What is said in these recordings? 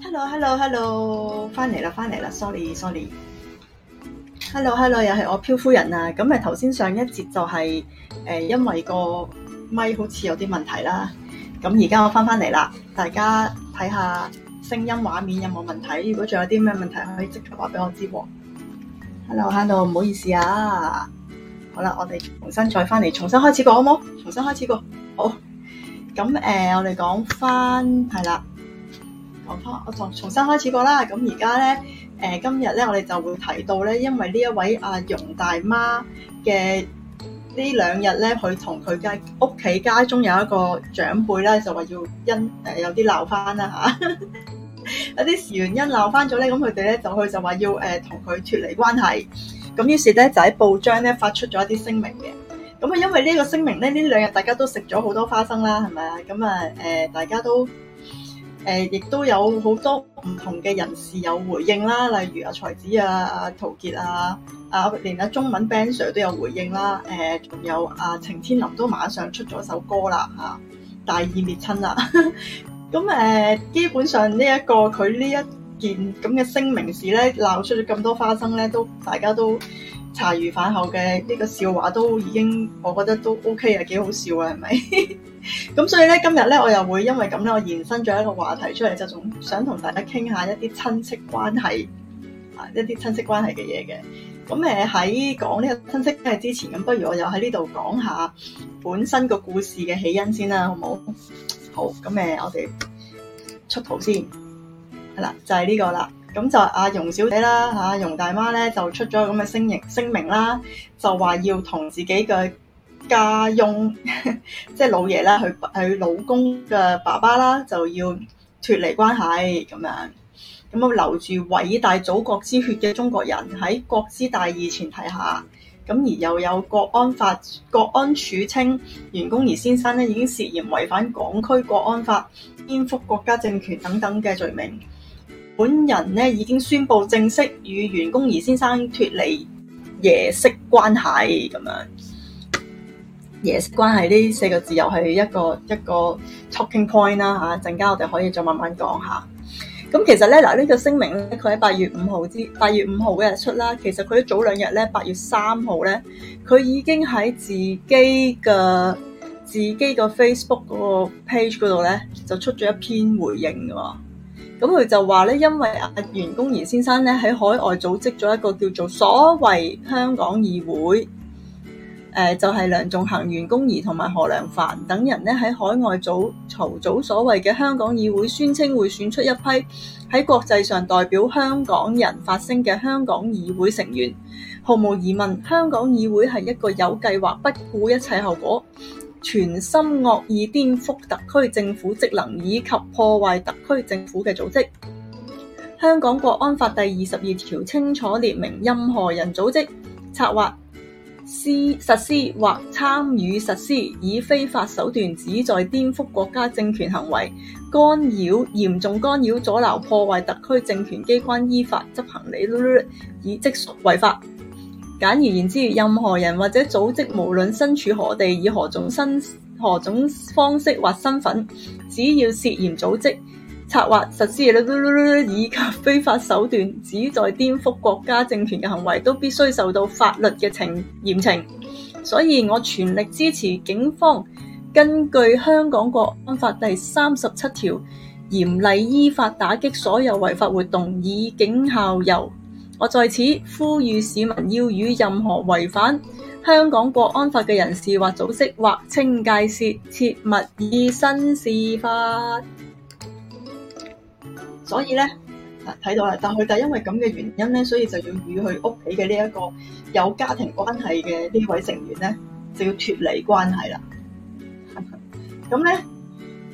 Hello，Hello，Hello，翻嚟啦，翻嚟啦，Sorry，Sorry。Hello，Hello，sorry, sorry. Hello，又係我漂夫人啊。咁咪頭先上一節就係、是、誒、呃，因為個咪好似有啲問題啦。咁而家我翻翻嚟啦，大家睇下聲音畫面有冇問題。如果仲有啲咩問題，可以即刻話俾我知。Hello，Hello，唔 hello，好意思啊。好啦，我哋重新再翻嚟，重新開始過好冇？重新開始過好。咁誒、呃，我哋講翻係啦。我重重新開始過啦。咁而家咧，誒、呃、今日咧，我哋就會提到咧，因為呢一位阿、啊、容大媽嘅呢兩日咧，佢同佢家屋企家中有一個長輩咧，就話要因誒、呃、有啲鬧翻啦嚇，啊、 有啲事原因鬧翻咗咧，咁佢哋咧就去就話要誒同佢脫離關係。咁於是咧就喺報章咧發出咗一啲聲明嘅。咁啊，因為呢個聲明咧，呢兩日大家都食咗好多花生啦，係咪啊？咁啊誒，大家都。誒，亦都有好多唔同嘅人士有回應啦，例如阿、啊、才子啊、阿、啊、陶傑啊、啊連啊中文 Ben Sir 都有回應啦。誒、啊，仲有阿、啊、程天林都馬上出咗首歌啦嚇、啊，大義滅親啦。咁 誒、啊，基本上呢、這、一個佢呢一件咁嘅聲明事咧，鬧出咗咁多花生咧，都大家都。茶餘飯後嘅呢個笑話都已經，我覺得都 OK 啊，幾好笑啊，係咪？咁 所以咧，今日咧我又會因為咁咧，我延伸咗一個話題出嚟，就仲想同大家傾下一啲親戚關係啊，一啲親戚關係嘅嘢嘅。咁誒喺講呢個親戚關係之前，咁不如我又喺呢度講下本身個故事嘅起因先啦，好唔好？好，咁誒我哋出圖先，係啦，就係呢個啦。咁就阿、啊、容小姐啦，嚇、啊、容大媽咧就出咗咁嘅聲明聲明啦，就話要同自己嘅家翁，即係、就是、老爺啦，佢佢老公嘅爸爸啦，就要脫離關係咁樣，咁啊留住偉大祖國之血嘅中國人喺國之大義前提下，咁而又有國安法、國安處稱袁弓夷先生咧已經涉嫌違反港區國安法、顛覆國家政權等等嘅罪名。本人咧已經宣布正式與袁工儀先生脫離爺媳關係咁樣，爺媳關係呢四個字又係一個一個 talking point 啦、啊、嚇。陣間我哋可以再慢慢講下。咁其實咧嗱，這個、聲呢個聲明咧，佢喺八月五號之八月五號嗰日出啦。其實佢一早兩日咧，八月三號咧，佢已經喺自己嘅自己個 Facebook 嗰個 page 嗰度咧，就出咗一篇回應嘅喎。咁佢就話咧，因為阿袁弓夷先生咧喺海外組織咗一個叫做所謂香港議會，誒、呃、就係、是、梁仲恆、袁弓夷同埋何良凡等人咧喺海外組籌組所謂嘅香港議會，宣稱會選出一批喺國際上代表香港人發聲嘅香港議會成員。毫無疑問，香港議會係一個有計劃、不顧一切後果。全心惡意顛覆特區政府職能，以及破壞特區政府嘅組織。香港國安法第二十二條清楚列明，任何人組織策劃、策劃、施實施或參與實施以非法手段旨在顛覆國家政權行為、干擾嚴重干擾阻撓破壞特區政權機關依法執行理律，以即屬違法。簡而言之，任何人或者組織，無論身處何地、以何種身何種方式或身份，只要涉嫌組織策劃、實施叮叮叮叮以及非法手段旨在顛覆國家政權嘅行為，都必須受到法律嘅懲嚴懲。所以我全力支持警方根據香港國安法第三十七條，嚴厲依法打擊所有違法活動，以警效尤。我在此呼籲市民要與任何違反香港國安法嘅人士或組織或清界涉，切勿以身試法。所以咧，嗱，睇到啦，但佢就係因為咁嘅原因咧，所以就要與佢屋企嘅呢一個有家庭關係嘅呢位成員咧，就要脫離關係啦。咁咧，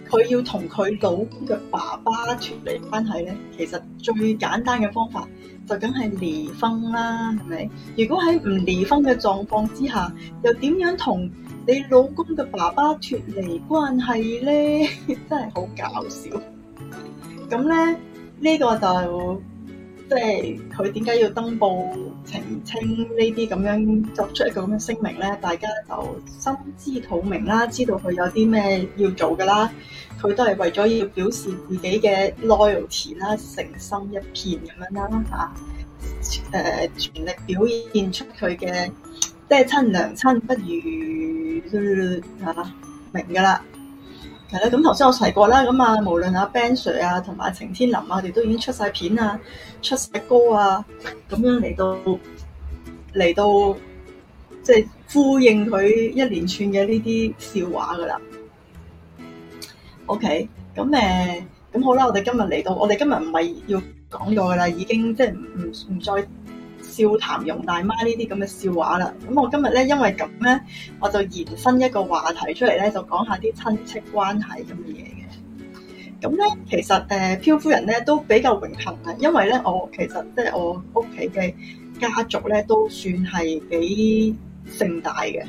佢要同佢老公嘅爸爸脫離關係咧，其實最簡單嘅方法。就梗係離婚啦，係咪？如果喺唔離婚嘅狀況之下，又點樣同你老公嘅爸爸脫離關係咧？ 真係好搞笑。咁咧，呢、呢個就即係佢點解要登報？澄清呢啲咁樣作出一個咁嘅聲明咧，大家就心知肚明啦，知道佢有啲咩要做噶啦，佢都係為咗要表示自己嘅 loyalty 啦，誠心一片咁樣啦嚇，誒全力表現出佢嘅即爹親娘親不如嚇明噶啦。係啦，咁頭先我提過啦，咁啊，無論阿 Ben Sir 啊，同埋阿晴天林啊，我哋都已經出晒片啊，出晒歌啊，咁樣嚟到嚟到，即係、就是、呼應佢一連串嘅呢啲笑話噶啦。OK，咁誒，咁好啦，我哋今日嚟到，我哋今日唔係要講咗噶啦，已經即係唔唔再。笑談容大媽呢啲咁嘅笑話啦，咁我今日咧因為咁咧，我就延伸一個話題出嚟咧，就講下啲親戚關係咁嘅嘢嘅。咁咧其實誒，漂、呃、夫人咧都比較榮幸啊，因為咧我其實即係、呃、我屋企嘅家族咧都算係幾盛大嘅，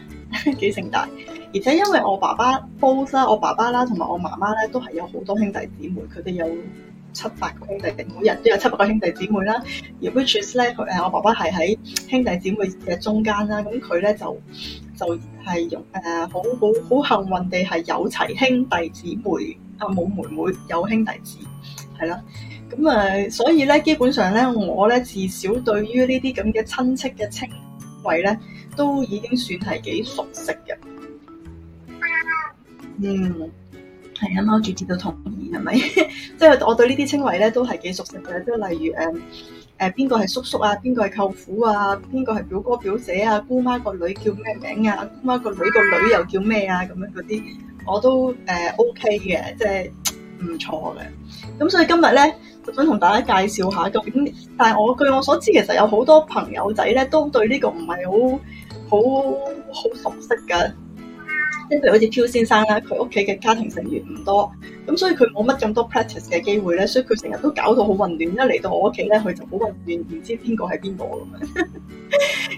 幾盛大。而且因為我爸爸 boss 啦，Both，我爸爸啦，同埋我媽媽咧都係有好多兄弟姊妹，佢哋有。七八個兄弟定每人，都有七百個兄弟姊妹啦，而 Whiches 咧佢，誒我爸爸係喺兄弟姊妹嘅中間啦，咁佢咧就就係用誒好好好幸運地係有齊兄弟姊妹啊，冇妹妹有兄弟姊係啦，咁誒所以咧基本上咧我咧至少對於呢啲咁嘅親戚嘅稱謂咧，都已經算係幾熟悉嘅。嗯。係啊，我主接到同意，係咪？即 係我對這些呢啲稱謂咧都係幾熟悉嘅，即係例如誒誒邊個係叔叔啊，邊個係舅父啊，邊個係表哥表姐啊，姑媽個女叫咩名啊，姑媽個女個女又叫咩啊，咁樣嗰啲我都誒、呃、OK 嘅，即係唔錯嘅。咁所以今日咧，就想同大家介紹一下究竟。但係我據我所知，其實有好多朋友仔咧都對呢個唔係好好好熟悉噶。即係好似漂先生咧，佢屋企嘅家庭成員唔多，咁所以佢冇乜咁多 practice 嘅機會咧，所以佢成日都搞到好混亂。一嚟到我屋企咧，佢就好混亂，唔知邊個係邊個咁。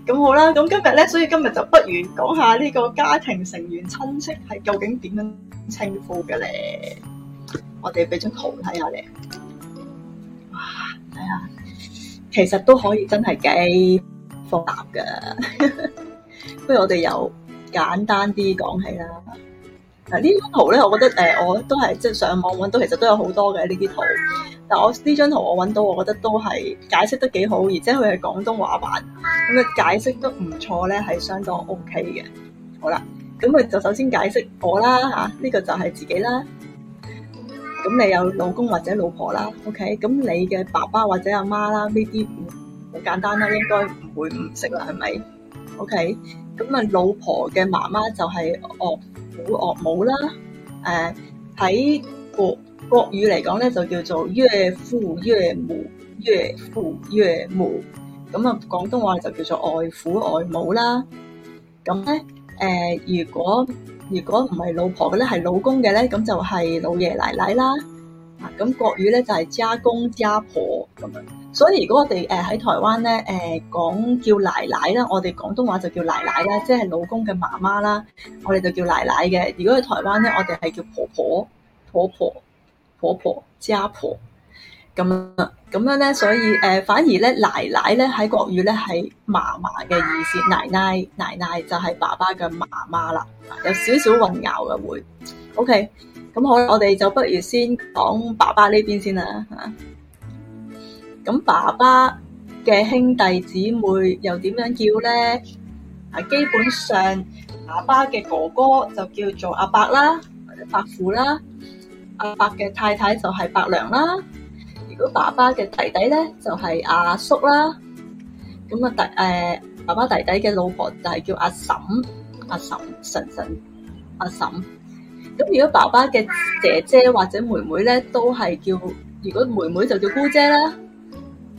咁 好啦，咁今日咧，所以今日就不如講下呢個家庭成員親戚係究竟點樣稱呼嘅咧？我哋俾張圖睇下咧。哇，睇下，其實都可以真係幾複雜噶。 不如我哋有。簡單啲講起啦，嗱呢張圖咧，我覺得誒、呃、我都係即係上網揾到，其實都有好多嘅呢啲圖。但我呢張圖我揾到，我覺得都係解釋得幾好，而且佢係廣東話版，咁嘅解釋得唔錯咧，係相當 OK 嘅。好啦，咁佢就首先解釋我啦嚇，呢個就係自己啦。咁你有老公或者老婆啦，OK？咁你嘅爸爸或者阿媽啦，呢啲好簡單啦，應該唔會唔識啦，係咪？OK？咁啊，老婆嘅媽媽就係岳父岳母啦。誒，喺國國語嚟講咧，就叫做岳父岳母，岳父岳母。咁啊，廣東話就叫做外父外母啦。咁咧誒，如果如果唔係老婆嘅咧，係老公嘅咧，咁就係老爺奶奶啦。啊，咁國語咧就係家公家婆咁樣。所以如果我哋誒喺台灣咧誒講叫奶奶啦，我哋廣東話就叫奶奶啦，即係老公嘅媽媽啦，我哋就叫奶奶嘅。如果喺台灣咧，我哋係叫婆婆、婆婆、婆婆、家婆咁咁樣咧，所以誒、呃、反而咧奶奶咧喺國語咧係嫲嫲嘅意思，奶奶奶奶就係爸爸嘅媽媽啦，有少少混淆嘅會。OK，咁好啦，我哋就不如先講爸爸呢邊先啦嚇。咁爸爸嘅兄弟姊妹又點樣叫咧？係基本上，爸爸嘅哥哥就叫做阿伯啦，或者伯父啦。阿伯嘅太太就係伯娘啦。如果爸爸嘅弟弟咧，就係阿叔啦。咁啊，弟，呃，爸爸弟弟嘅老婆就係叫阿嬸，阿嬸、嬸嬸、阿嬸。咁如果爸爸嘅姐姐或者妹妹咧，都係叫，如果妹妹就叫姑姐啦。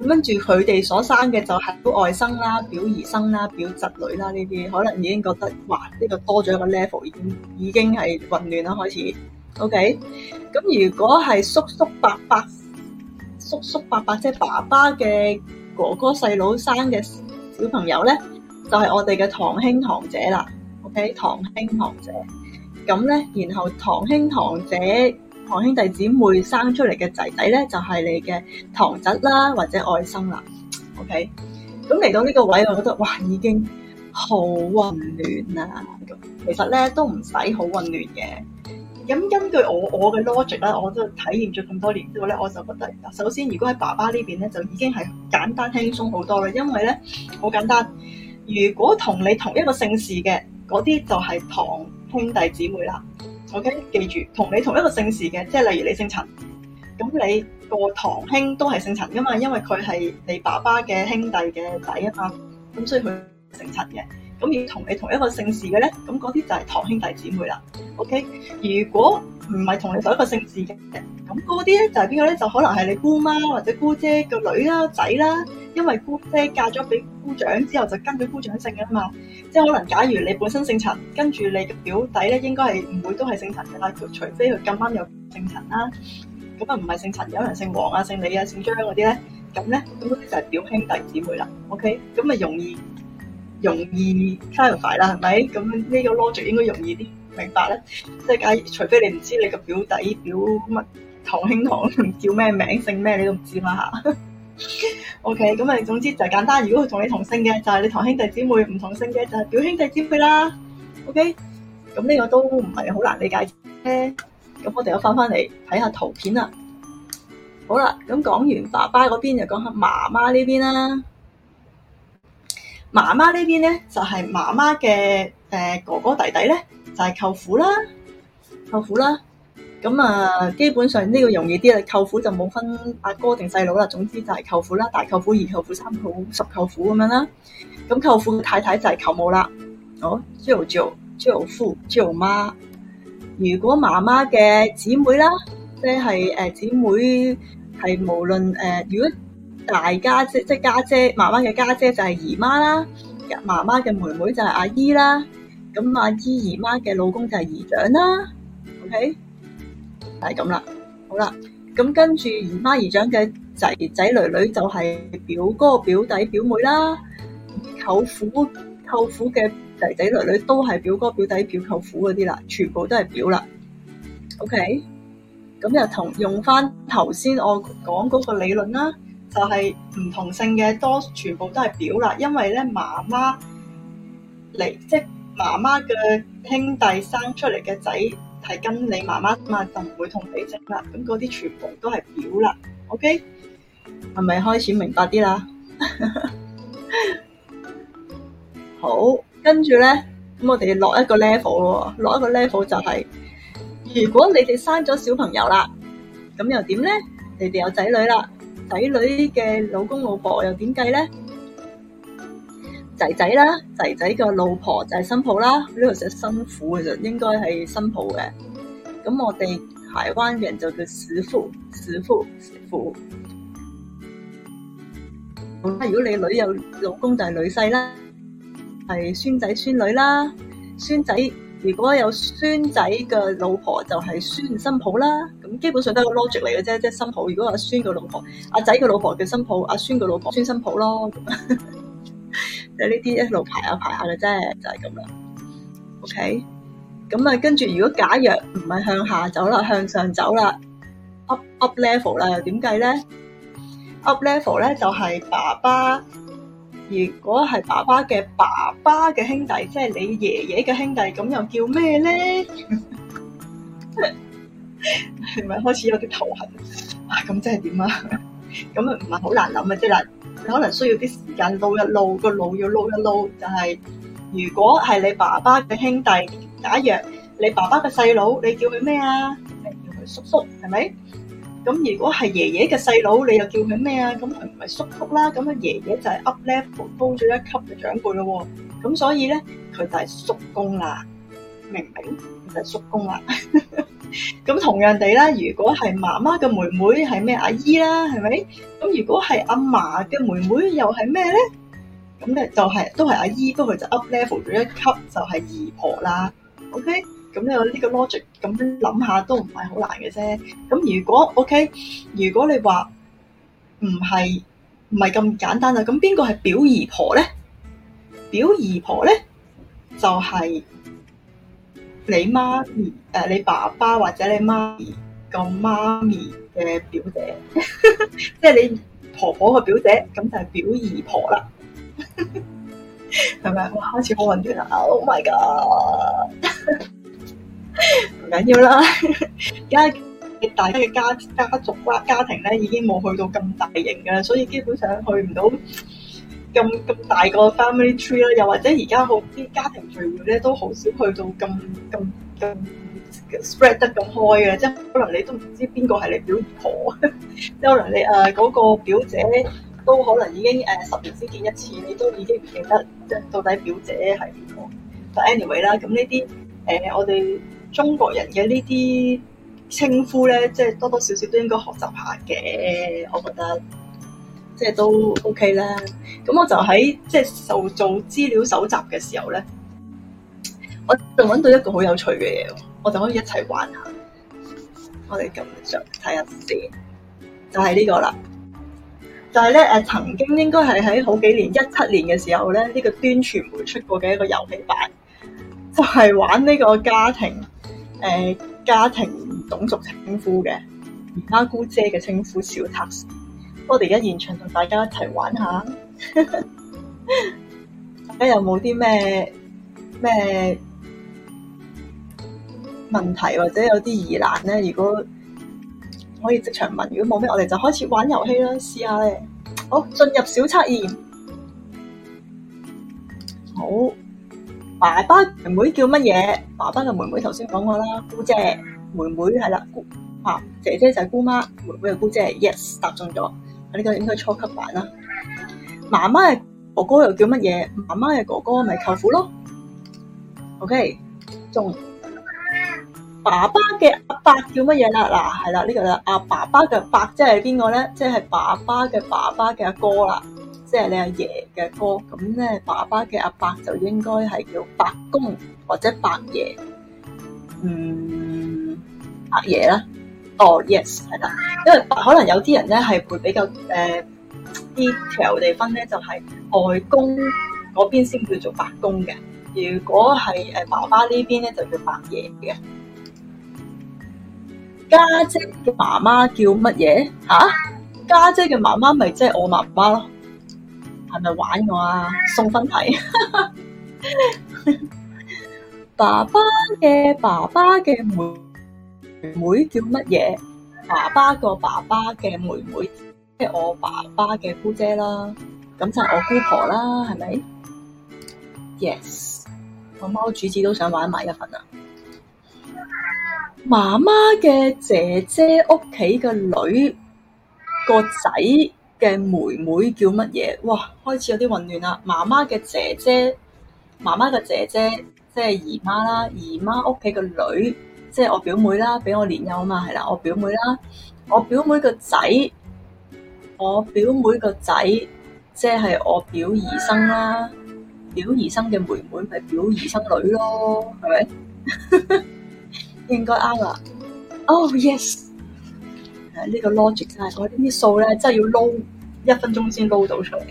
咁跟住佢哋所生嘅就係外甥啦、表姨甥啦、表侄女啦呢啲，可能已經覺得哇呢個多咗一個 level，已經已經係混亂啦開始。OK，咁如果係叔叔伯伯、叔叔伯伯即係爸爸嘅哥哥細佬生嘅小朋友咧，就係我哋嘅堂兄堂姐啦。OK，堂兄堂姐，咁咧，然後堂兄堂姐。堂兄弟姊妹生出嚟嘅仔仔咧，就係、是、你嘅堂侄啦，或者外甥啦。OK，咁嚟到呢個位置，我覺得哇，已經好混亂啦。其實咧都唔使好混亂嘅。咁根據我我嘅 logic 咧，我都體驗咗咁多年之後咧，我就覺得，首先如果喺爸爸這邊呢邊咧，就已經係簡單輕鬆好多啦。因為咧好簡單，如果同你同一個姓氏嘅嗰啲，就係堂兄弟姊妹啦。OK，記住，同你同一個姓氏嘅，即係例如你姓陳，咁你個堂兄都係姓陳㗎嘛，因為佢係你爸爸嘅兄弟嘅仔吖嘛，咁所以佢姓陳嘅。咁要同你同一個姓氏嘅咧，咁嗰啲就係堂兄弟姊妹啦。OK，如果唔係同你同一個姓氏嘅，咁嗰啲咧就係邊個咧？就可能係你姑媽或者姑姐個女啦、仔啦。因為姑姐嫁咗俾姑丈之後，就跟咗姑丈姓㗎嘛。即係可能，假如你本身姓陳，跟住你嘅表弟咧，應該係唔會都係姓陳嘅啦。除非佢咁啱有姓陳啦，咁啊唔係姓陳，有人姓黃啊、姓李啊、姓張嗰啲咧，咁咧咁嗰啲就係表兄弟姊妹啦。OK，咁咪容易。容易 clarify 啦，係咪？咁呢個 logic 應該容易啲明白啦。即係假除非你唔知你個表弟表乜堂兄堂叫咩名，姓咩你都唔知啦吓 OK，咁啊，總之就簡單。如果佢同你同姓嘅，就係、是、你堂兄弟姊妹；唔同姓嘅，就係表兄弟姊妹啦。OK，咁呢個都唔係好難理解咧。咁我哋又翻翻嚟睇下圖片啦。好啦，咁講完爸爸嗰邊，就講下媽媽呢邊啦。媽媽呢邊咧就係媽媽嘅誒哥哥弟弟咧就係、是、舅父啦，舅父啦，咁啊、呃、基本上呢個容易啲啦，舅父就冇分阿哥定細佬啦，總之就係舅父啦，大舅父、二舅父、三舅父、十舅父咁樣啦。咁、嗯、舅父太太就係舅母啦。哦，舅舅、舅父、舅媽。如果媽媽嘅姊妹啦，即係誒姊妹係無論誒，如、呃、果。大家姐即係家姐，媽媽嘅家姐就係姨媽啦。媽媽嘅妹妹就係阿姨啦。咁阿姨姨媽嘅老公就係姨丈啦。OK，就係咁啦。好啦，咁跟住姨媽姨丈嘅仔仔囡囡就係表哥表弟表妹啦。舅父舅父嘅仔仔囡囡都係表哥表弟表舅父嗰啲啦，全部都係表啦。OK，咁又同用翻頭先我講嗰個理論啦。就係唔同性嘅多，全部都係表啦。因為咧媽媽嚟，即係媽媽嘅兄弟生出嚟嘅仔係跟你媽媽嘛，就唔會同表親啦。咁嗰啲全部都係表啦。OK，係咪開始明白啲啦？好，跟住咧，咁我哋落一個 level 咯，落一個 level 就係如果你哋生咗小朋友啦，咁又點咧？你哋有仔女啦。仔女嘅老公老婆又點計咧？仔仔啦，仔仔個老婆就係新抱啦。呢度寫新婦嘅，就應該係新抱嘅。咁我哋台灣人就叫媳婦，媳婦，媳婦。咁如果你女有老公就係女婿啦，係孫仔孫女啦，孫仔。如果有孫仔嘅老婆就係孫新抱啦，咁基本上都係個 logic 嚟嘅啫，即係新抱。如果阿孫嘅老婆，阿仔嘅老婆叫新抱，阿孫嘅老婆孫新抱咯。 就呢啲一路排下排下嘅啫，就係咁啦，OK，咁啊跟住如果假若唔係向下走啦，向上走啦，up up level 啦，又點計咧？Up level 咧就係爸爸。如果係爸爸嘅爸爸嘅兄弟，即係你爺爺嘅兄弟，咁又叫咩咧？係 咪開始有啲頭痕？哇！咁即係點啊？咁唔係好難諗啊！ 即係嗱，你可能需要啲時間，撈一撈，個腦要撈一撈。就係如果係你爸爸嘅兄弟，假如你爸爸嘅細佬，你叫佢咩啊？你叫佢叔叔，係咪？咁如果係爺爺嘅細佬，你又叫佢咩啊？咁佢唔係叔叔啦，咁樣爺爺就係 up level 高咗一級嘅長輩咯。咁所以咧，佢就係叔公啦，明唔明？就係叔公啦。咁同樣地啦，如果係媽媽嘅妹妹係咩阿姨啦，係咪？咁如果係阿嫲嘅妹妹又係咩咧？咁咧就係都係阿姨，都佢就 up level 咗一級，就係姨婆啦。OK。咁你個呢個 logic 咁樣諗下都唔係好難嘅啫。咁如果 OK，如果你話唔係唔係咁簡單啦，咁邊個係表姨婆咧？表姨婆咧就係、是、你媽咪誒、呃，你爸爸或者你媽咪個媽咪嘅表姐，即 係你婆婆個表姐，咁就係表姨婆啦。係 咪？我開始好混亂啦！Oh my god！ 唔緊要啦，而家大家嘅家家族啊家庭咧，已經冇去到咁大型噶啦，所以基本上去唔到咁咁大個 family tree 啦。又或者而家好啲家庭聚會咧，都好少去到咁咁咁 spread 得咁開嘅，即係可能你都唔知邊個係你表姨婆，即可能你誒嗰、呃嗰個表姐都可能已經誒、呃、十年先見一次，你都已經唔記得即係到底表姐係邊個。就 anyway 啦，咁呢啲誒我哋。中國人嘅呢啲稱呼咧，即係多多少少都應該學習下嘅，我覺得即係都 OK 啦。咁我就喺即係做做資料搜集嘅時候咧，我就揾到一個好有趣嘅嘢，我就可以一齊玩下。我哋咁着睇下先，就係呢個啦。就係咧，誒，曾經應該係喺好幾年一七年嘅時候咧，呢個端傳媒出過嘅一個遊戲版，就係玩呢個家庭誒、呃，家庭宗族稱呼嘅，而家姑姐嘅稱呼小測試，我哋而家現場同大家一齊玩下，咁 有冇啲咩咩問題或者有啲疑難咧？如果可以即場問，如果冇咩，我哋就開始玩遊戲啦，試下咧。好，進入小測驗，好。爸爸妹妹叫乜嘢？爸爸嘅妹妹頭先講過啦，姑姐妹妹係啦，姑啊，姐姐就係姑媽，妹妹嘅姑姐，yes，答中咗。呢個應該初級版啦。媽媽嘅哥哥又叫乜嘢？媽媽嘅哥哥咪舅父咯。OK，仲爸爸嘅阿伯叫乜嘢啦？嗱係啦，呢個阿，啊，爸爸嘅伯即係邊個咧？即係爸爸嘅爸爸嘅阿哥啦。即係你阿爺嘅哥，咁咧爸爸嘅阿伯就應該係叫伯公或者伯爺，嗯伯爺啦。哦，yes 係啦，因為可能有啲人咧係會比較誒 detail 地方咧，就係、是、外公嗰邊先叫做伯公嘅。如果係誒爸爸呢邊咧，就叫伯爺嘅。家姐嘅媽媽叫乜嘢吓？家、啊、姐嘅媽媽咪即係我媽媽咯。係咪玩我啊？送分題， 爸爸嘅爸爸嘅妹妹叫乜嘢？爸爸個爸爸嘅妹妹即係我爸爸嘅姑姐啦，咁就係我姑婆啦，係咪？Yes，我貓主子都想玩埋一份啊！媽媽嘅姐姐屋企嘅女個仔嘅妹妹叫乜嘢？哇，開始有啲混亂啦。媽媽嘅姐姐，媽媽嘅姐姐即係姨媽啦。姨媽屋企個女即係我表妹啦，俾我年幼啊嘛，係啦，我表妹啦。我表妹個仔，我表妹個仔即係我表姨生啦。表姨生嘅妹妹咪表姨生女咯，係咪？ 應該啱啦。Oh yes. 呢個 logic 係我啲數咧，真係要撈一分鐘先撈到出嚟。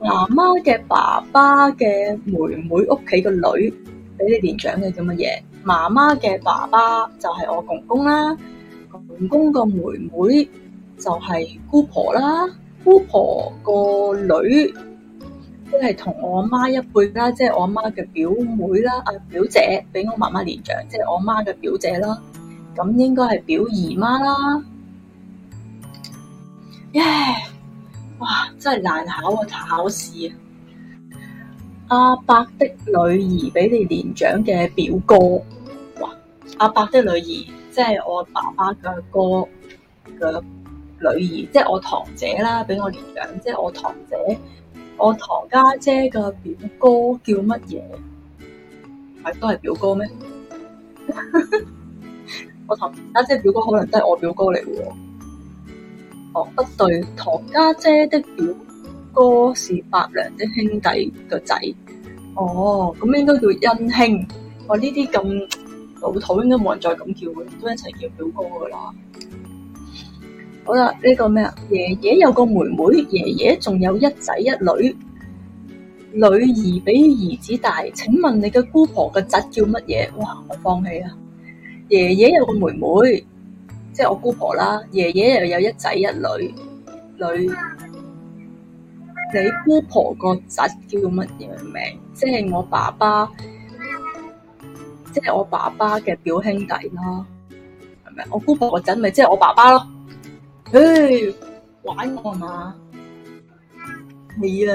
媽媽嘅爸爸嘅妹妹屋企個女，比你年長嘅叫乜嘢？媽媽嘅爸爸就係我公公啦，公公個妹妹就係姑婆啦，姑婆個女即係同我媽一輩啦，即係我媽嘅表妹啦，啊表姐比我媽媽年長，即係我媽嘅表姐啦。咁應該係表姨媽啦。耶、yeah!！哇，真係難考,考,考試啊，考試啊！阿伯的女兒比你年長嘅表哥。哇！阿伯的女兒，即係我爸爸嘅哥嘅女兒，即係我堂姐啦，比我年長，即係我堂姐，我堂家姐嘅表哥叫乜嘢？係都係表哥咩？ 我堂家姐表哥可能都係我表哥嚟喎，哦不對，堂家姐的表哥是伯娘的兄弟個仔，哦咁應該叫姻兄。哇呢啲咁老土，應該冇人再咁叫，都一齊叫表哥噶啦。好啦，呢個咩啊？爺爺有個妹妹，爺爺仲有一仔一女，女兒比兒子大，請問你嘅姑婆個侄叫乜嘢？哇，我放棄啦。爺爺有個妹妹，即係我姑婆啦。爺爺又有一仔一女，女。你姑婆個侄叫做乜嘢名？即係我爸爸，即係我爸爸嘅表兄弟啦。係咪？我姑婆個侄咪即係我爸爸咯。唉，玩我嘛？你啊！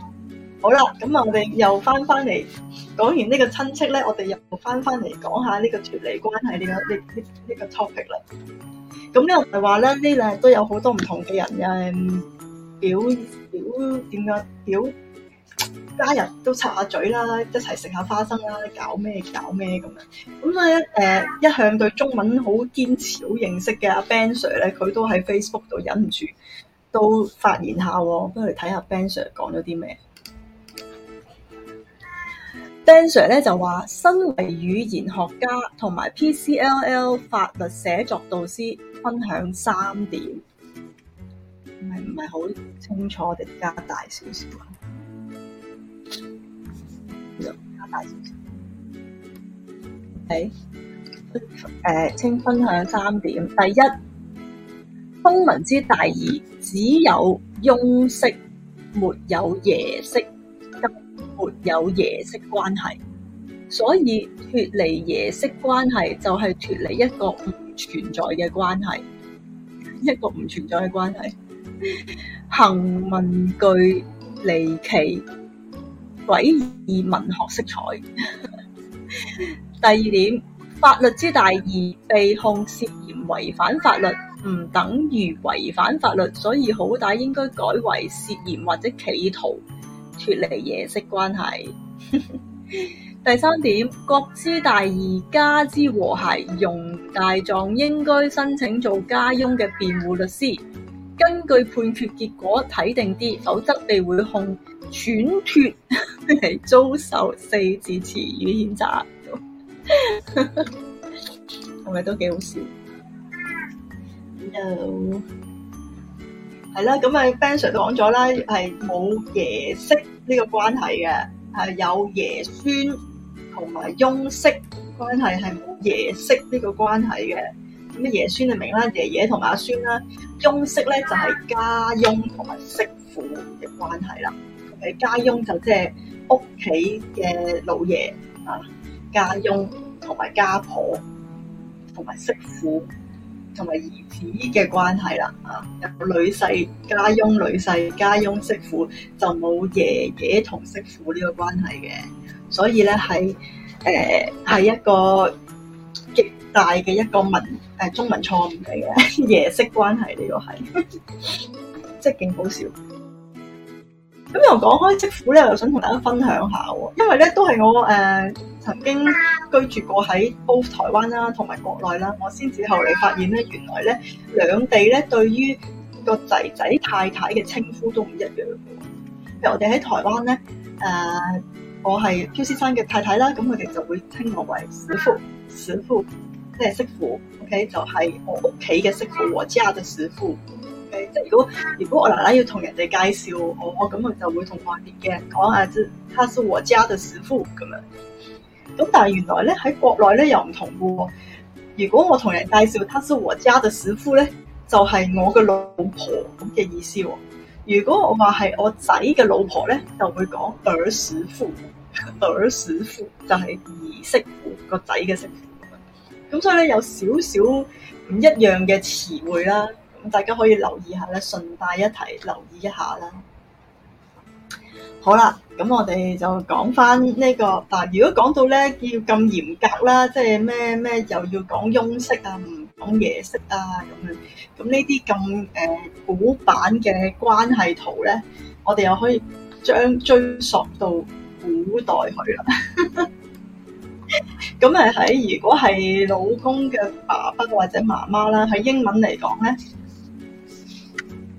好啦，咁、這個這個這個、啊，我哋又翻翻嚟講完呢個親戚咧，我哋又翻翻嚟講下呢個脫離關係呢個呢呢呢個 topic 啦。咁咧，係話咧，呢兩日都有好多唔同嘅人誒，表表點樣表，表家人都插下嘴啦，一齊食下花生啦，搞咩搞咩咁樣。咁咧誒，一向對中文好堅持、好認識嘅阿 Ben Sir 咧，佢都喺 Facebook 度忍唔住都發言一下喎、哦，不如睇下 Ben Sir 講咗啲咩。Dancer 咧就話，身為語言學家同埋 PCLL 法律寫作導師，分享三點，唔係唔係好清楚，我哋加大少少加大少少，係、okay。誒、呃，請分享三點。第一，中文，文之大義只有翁媳，沒有爺媳沒有爺媳關係，所以脫離爺媳關係就係脫離一個唔存在嘅關係，一個唔存在嘅關係。行文具離奇，詭異文學色彩。 第二點，法律之大義，被控涉嫌違反法律，唔等於違反法律，所以好歹應該改為涉嫌或者企圖。脫離爺媳關係。 第三點，國之大義，家之和諧，容大狀應該申請做家翁嘅辯護律師。根據判決結果睇定啲，否則你會控選脫，係 遭受四字詞語譴責。係 咪都幾好笑？No。Hello. 係啦，咁啊，Ben Sir 講咗啦，係冇爺媳呢個關係嘅，係有爺孫同埋翁媳關係，係冇爺媳呢個關係嘅。咁啊，爺孫就明啦，爺爺同埋阿孫啦。翁媳咧就係家翁同埋媳婦嘅關係啦。同埋家翁就即係屋企嘅老爺啊，家翁同埋家婆同埋媳婦。同埋兒子嘅關係啦，啊，有女婿家翁、女婿家翁媳婦，就冇爺爺同媳婦呢個關係嘅，所以咧喺誒係一個極大嘅一個文誒、呃、中文錯誤嚟嘅爺媳關係呢個係，即係勁好笑。咁又講開媳婦咧，又我想同大家分享下喎。因為咧都係我誒、呃、曾經居住過喺 both 台灣啦，同埋國內啦，我先至後嚟發現咧，原來咧兩地咧對於個仔仔太太嘅稱呼都唔一樣嘅。譬如我哋喺台灣咧，誒、呃、我係邱先生嘅太太啦，咁佢哋就會稱我為小夫、小夫，即係媳婦。OK，就係我屋企嘅媳婦，我家嘅媳婦。即係如果如果我奶奶要同人哋介紹我，我咁咪就會同外面嘅人講啊，「他是我家的媳婦」咁樣。咁但係原來咧喺國內咧又唔同嘅。如果我同人介紹「他是我家的媳婦」咧，就係、是、我嘅老婆嘅意思。如果我話係我仔嘅老婆咧，就會講兒媳婦。兒媳婦就係兒媳婦，個仔嘅媳婦。咁所以咧有少少唔一樣嘅詞彙啦。咁大家可以留意一下咧，順帶一提留意一下啦。好啦，咁我哋就講翻呢個，但如果講到咧要咁嚴格啦，即係咩咩又要講翁媳啊，唔講爺媳啊咁樣，咁呢啲咁誒古板嘅關係圖咧，我哋又可以將追溯到古代去啦。咁誒喺如果係老公嘅爸爸或者媽媽啦，喺英文嚟講咧。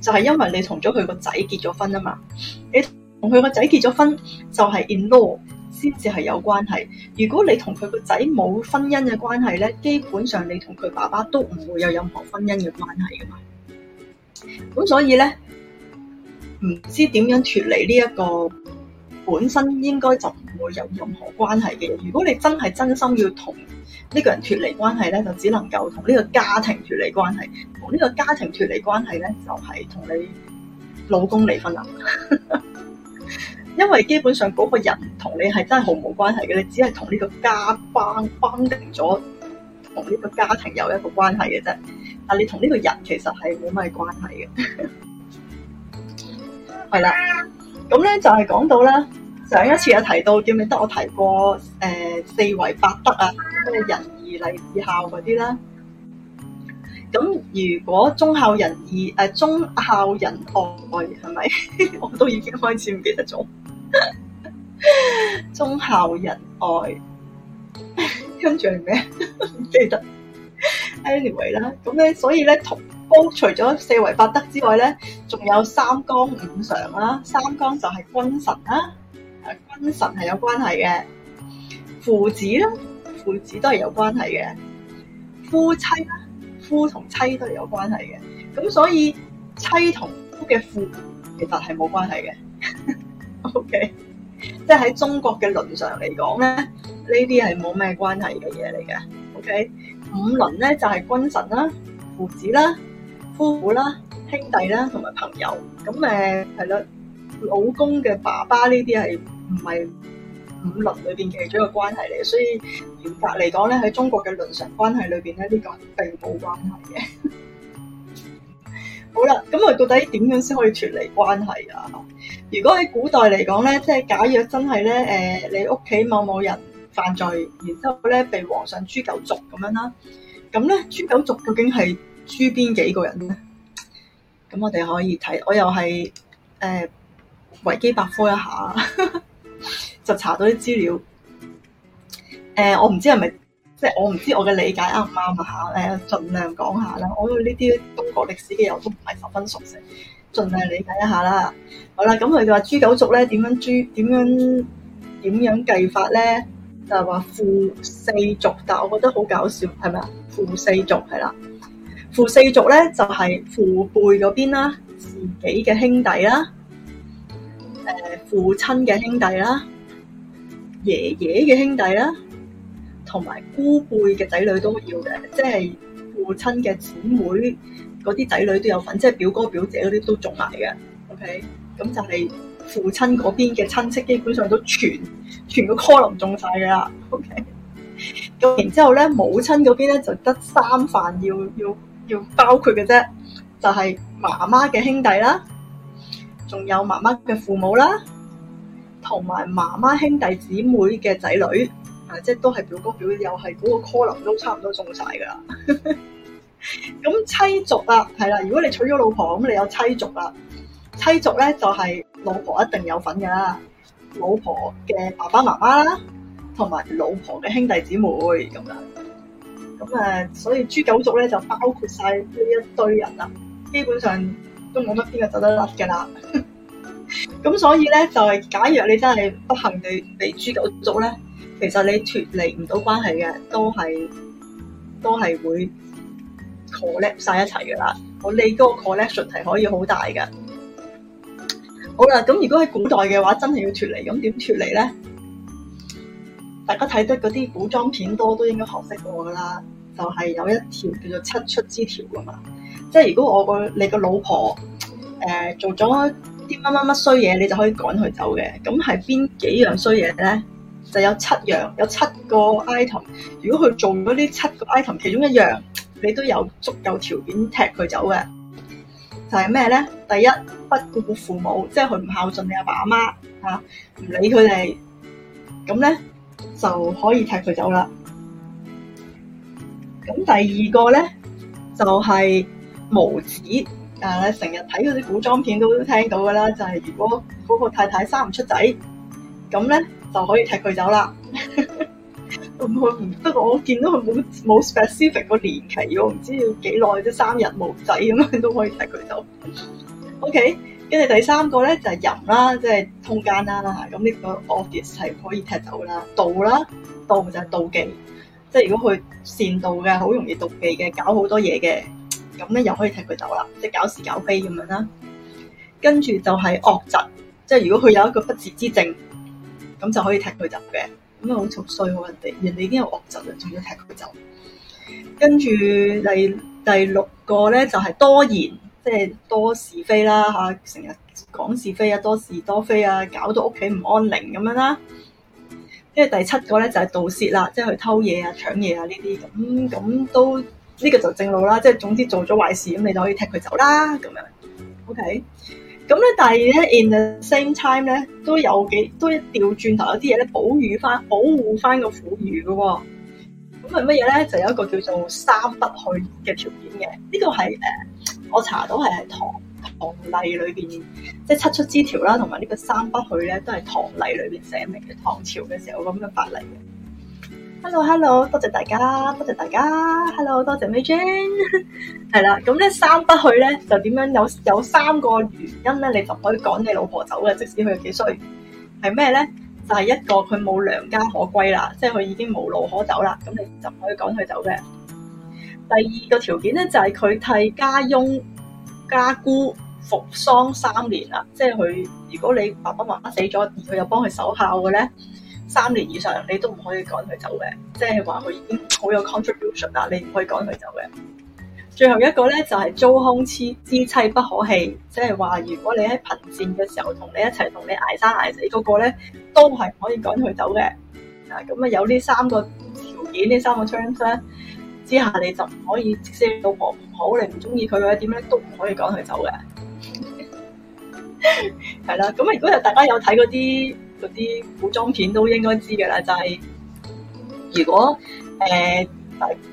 就係因為你同咗佢個仔結咗婚啊嘛，你同佢個仔結咗婚就係 in law 先至係有關係。如果你同佢個仔冇婚姻嘅關係咧，基本上你同佢爸爸都唔會有任何婚姻嘅關係噶嘛。咁所以咧，唔知點樣脫離呢一個本身應該就唔會有任何關係嘅。如果你真係真心要同，呢個人脫離關係咧，就只能夠同呢個家庭脫離關係。同呢個家庭脫離關係咧，就係、是、同你老公離婚啦。 因為基本上嗰個人同你係真係毫無關係嘅，你只係同呢個家綁綁定咗同呢個家庭有一個關係嘅啫。但你同呢個人其實係冇咩關係嘅。係 啦，咁咧就係講到啦。上一次有提到叫咩？記得我提過誒、呃、四維八德啊，咩仁義禮智孝嗰啲啦。咁如果忠孝仁義誒忠孝仁愛係咪？是不是 我都已經開始唔記， 記得咗。忠孝仁愛跟住係咩？唔記得。anyway 啦，咁咧所以咧，讀書除咗四維八德之外咧，仲有三綱五常啦、啊。三綱就係君臣啦。君臣係有關係嘅，父子啦，父子都係有關係嘅，夫妻啦，夫同妻都係有關係嘅，咁所以妻同夫嘅父其實係冇關係嘅。 OK，即係喺中國嘅倫常嚟講咧，呢啲係冇咩關係嘅嘢嚟嘅。OK，五倫咧就係、是、君臣啦、啊、父子啦、啊、夫婦啦、啊、兄弟啦同埋朋友。咁誒係啦，老公嘅爸爸呢啲係。唔係五倫裏邊其中一個關係嚟，所以嚴格嚟講咧，喺中國嘅倫常關係裏邊咧，呢、呢個並冇關係嘅。 好啦，咁啊到底點樣先可以脫離關係啊？如果喺古代嚟講咧，即係假若真係咧，誒、呃，你屋企某某人犯罪，然之後咧被皇上誅九族咁樣啦，咁咧誅九族究竟係誅邊幾個人咧？咁我哋可以睇，我又係誒、呃、維基百科一下。 就查到啲資料，誒、呃，我唔知係咪，即係我唔知我嘅理解啱唔啱啊吓，誒，盡量講下啦。我對呢啲中國歷史嘅嘢我都唔係十分熟悉，盡量理解一下啦。好啦，咁佢哋話株九族咧，點樣株，點樣點樣計法咧？就係話父四族，但係我覺得好搞笑，係咪啊？父四族係啦，父四族咧就係父輩嗰邊啦，自己嘅兄弟啦。誒，父親嘅兄弟啦，爺爺嘅兄弟啦，同埋姑輩嘅仔女都要嘅，即係父親嘅姊妹嗰啲仔女都有份，即係表哥表姐嗰啲都種埋嘅。OK，咁就係父親嗰邊嘅親戚基本上都全全個 column 種晒噶啦。OK，咁然之後咧，母親嗰邊咧就得三份要要要包括嘅啫，就係媽媽嘅兄弟啦。仲有媽媽嘅父母啦，同埋媽媽兄弟姊妹嘅仔女，啊，即係都係表哥表又係嗰個 call 都差唔多中晒噶啦。咁 妻族啊，係啦，如果你娶咗老婆，咁你有妻族啦。妻族咧就係老婆一定有份噶啦，老婆嘅爸爸媽媽啦，同埋老婆嘅兄弟姊妹咁樣。咁啊，所以誅九族咧就包括晒呢一堆人啦，基本上。都冇乜邊個走得甩嘅啦，咁 所以咧就係、是、假如你真係不幸地被株連九族咧，其實你脫離唔到關係嘅，都係都係會 collect 晒一齊嘅啦。我你嗰個 collection 係可以好大嘅。好啦，咁如果喺古代嘅話，真係要脫離，咁點脫離咧？大家睇得嗰啲古裝片多，都應該學識過啦，就係、是、有一條叫做七出之條㗎嘛。即係如果我個你個老婆誒、呃、做咗啲乜乜乜衰嘢，你就可以趕佢走嘅。咁係邊幾樣衰嘢咧？就有七樣，有七個 item。如果佢做咗呢七個 item，其中一樣你都有足夠條件踢佢走嘅。就係咩咧？第一，不顧父母，即係佢唔孝順你阿爸阿媽啊，唔理佢哋，咁咧就可以踢佢走啦。咁第二個咧就係、是。無子，但係呢，成日睇嗰啲古裝片都聽到噶啦，就係如果嗰個太太生唔出仔咁咧，就可以踢佢走啦。咁我唔，不過我見到佢冇冇 specific 個年期，我唔知要幾耐啫，即三日無仔咁樣都可以踢佢走。OK，跟住第三個咧就係淫啦，即係通奸啦嚇。咁呢個 obvious 係可以踢走啦。妒啦，妒就係妒忌，即係如果佢善妒嘅，好容易妒忌嘅，搞好多嘢嘅。咁咧又可以踢佢走啦，即係搞事搞非咁樣啦。跟住就係惡疾，即係如果佢有一個不治之症，咁就可以踢佢走嘅。咁啊好吵衰，喎，人哋，人哋已經有惡疾啦，仲要踢佢走。跟住第第六個咧就係多言，即係多是非啦吓，成日講是非啊，多事多非啊，搞到屋企唔安寧咁樣啦。跟住第七個咧就係盜竊啦，即係去偷嘢啊、搶嘢啊呢啲咁，咁都。呢個就正路啦，即係總之做咗壞事咁，你就可以踢佢走啦，咁樣，OK。咁咧，但係咧，in the same time 咧，都有幾都一調轉頭有啲嘢咧，保育翻、保護翻個苦魚嘅喎。咁係乜嘢咧？就有一個叫做三不去嘅條件嘅。呢、這個係誒，我查到係喺唐唐律裏邊，即係七出之條啦，同埋呢個三不去咧，都係唐律裏邊寫明嘅唐朝嘅時候咁樣法例嘅。Hello，Hello，hello, 多謝大家，多謝大家。Hello，多謝 May June。係啦，咁 咧三不去咧，就點樣？有有三個原因咧，你就唔可以趕你老婆走嘅，即使佢有幾衰。係咩咧？就係、是、一個佢冇娘家可歸啦，即係佢已經無路可走啦，咁你就唔可以趕佢走嘅。第二個條件咧就係、是、佢替家翁家姑服喪三年啦，即係佢如果你爸爸媽媽死咗，而佢又幫佢守孝嘅咧。三年以上，你都唔可以趕佢走嘅，即係話佢已經好有 contribution 啦，你唔可以趕佢走嘅。最後一個咧就係糟糠之妻不可棄，即係話如果你喺貧賤嘅時候同你一齊同你捱生捱死嗰個咧，都係唔可以趕佢走嘅。啊，咁啊有呢三個條件，呢三個 constraint 之下你就唔可以，即使老婆唔好，你唔中意佢嘅點咧，都唔可以趕佢走嘅。係 啦，咁啊，如果有大家有睇嗰啲。嗰啲古裝片都應該知嘅啦，就係如果誒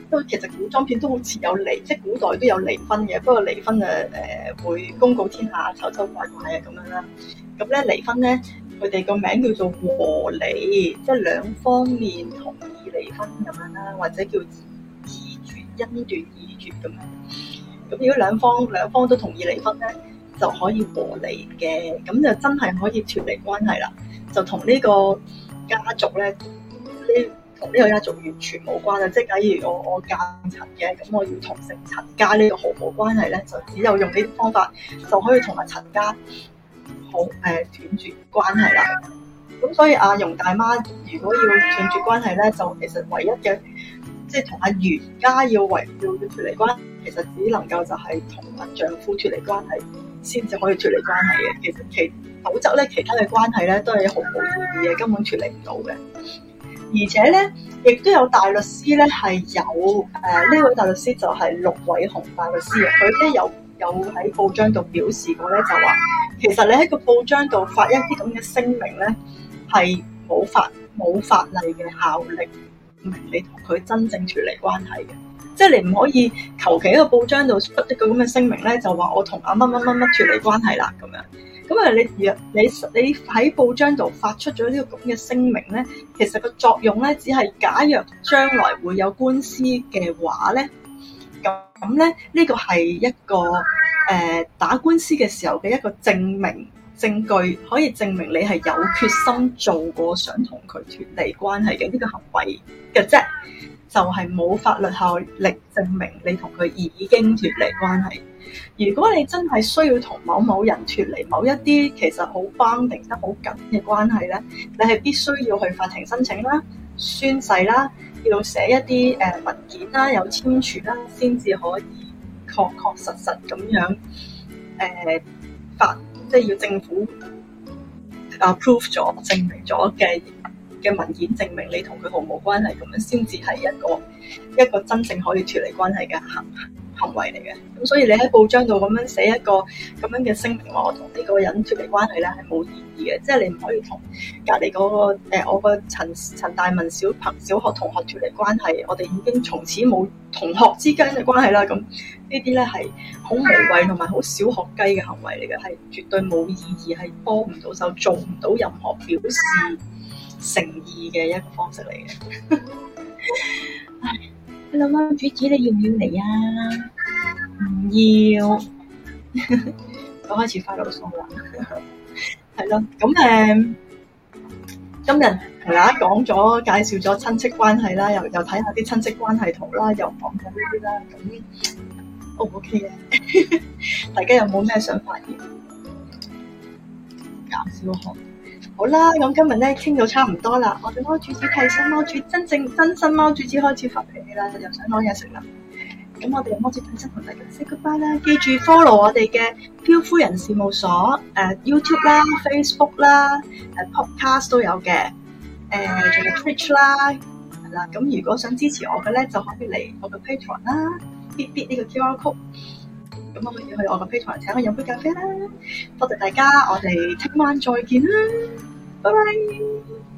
都其實古裝片都好似有離，即係古代都有離婚嘅，不過離婚啊誒會公告天下，醜醜怪怪啊咁樣啦。咁咧離婚咧，佢哋個名叫做和離，即係兩方面同意離婚咁樣啦，或者叫自絕恩斷義絕咁樣。咁如果兩方兩方都同意離婚咧，就可以和離嘅，咁就真係可以脫離關係啦。就同呢個家族咧，呢同呢個家族完全冇關啦。即、就、係、是、假如我我嫁陳嘅，咁我要同姓陳家呢個毫無關係咧，就只有用呢啲方法就可以同阿陳家好誒斷、呃、絕關係啦。咁所以阿、啊、容大媽如果要斷絕關係咧，就其實唯一嘅即係同阿袁家要維要脱離關，其實只能夠就係同阿丈夫脱離關係先至可以脱離關係嘅。其實其否則咧，其他嘅關係咧都係毫無意義嘅，根本脱離唔到嘅。而且咧，亦都有大律師咧係有誒，呢、呃、位大律師就係陸偉雄大律師啊。佢咧有有喺報章度表示過咧，就話其實你喺個報章度發一啲咁嘅聲明咧，係冇法冇法例嘅效力，唔係你同佢真正脱離關係嘅。即、就、係、是、你唔可以求其喺個報章度出一個咁嘅聲明咧，就話我同阿乜乜乜乜脱離關係啦咁樣。咁啊，你若你你喺報章度發出咗呢個咁嘅聲明咧，其實個作用咧，只係假若將來會有官司嘅話咧，咁咁咧，呢個係一個誒打官司嘅時候嘅一個證明證據，可以證明你係有決心做過想同佢脫離關係嘅呢個行為嘅啫，就係冇法律效力證明你同佢已經脫離關係。如果你真係需要同某某人脫離某一啲其實好綁定得好緊嘅關係咧，你係必須要去法庭申請啦、宣誓啦，要寫一啲誒文件啦、有簽署啦，先至可以確確實實咁樣誒法，即、呃、係、就是、要政府 approve 咗、證明咗嘅嘅文件，證明你同佢毫無關係，咁樣先至係一個一個真正可以脫離關係嘅行。行為嚟嘅，咁所以你喺報章度咁樣寫一個咁樣嘅聲明話我同你個人脫離關係咧，係冇意義嘅，即係你唔可以同隔離嗰個、欸、我個陳陳大文小朋小學同學脫離關係，我哋已經從此冇同學之間嘅關係啦。咁呢啲咧係好無謂同埋好小學雞嘅行為嚟嘅，係絕對冇意義，係幫唔到手，做唔到任何表示誠意嘅一個方式嚟嘅。 你諗下主子你要唔要嚟啊？唔要，我開始發牢騷啦。係咯，咁誒，今日同大家講咗介紹咗親戚關係啦，又又睇下啲親戚關係圖啦，又講咗呢啲啦，咁 O 唔 OK 咧？大家有冇咩想發言？搞笑學。好啦，咁今日咧傾到差唔多啦，我哋貓主子替身貓主真正真身貓主子開始發脾氣啦，又想攞嘢食啦。咁我哋有貓主替身同大家 say goodbye 啦，記住 follow 我哋嘅漂夫人事務所誒、uh, YouTube 啦、Facebook 啦、誒、uh, Podcast 都有嘅，誒、uh, 仲有 Twitch 啦，係啦。咁如果想支持我嘅咧，就可以嚟我嘅 Patreon 啦，貼一貼呢個 QR code。咁我可以去我個 Patreon 請我飲杯咖啡啦！多謝大家，我哋聽晚再見啦，拜拜。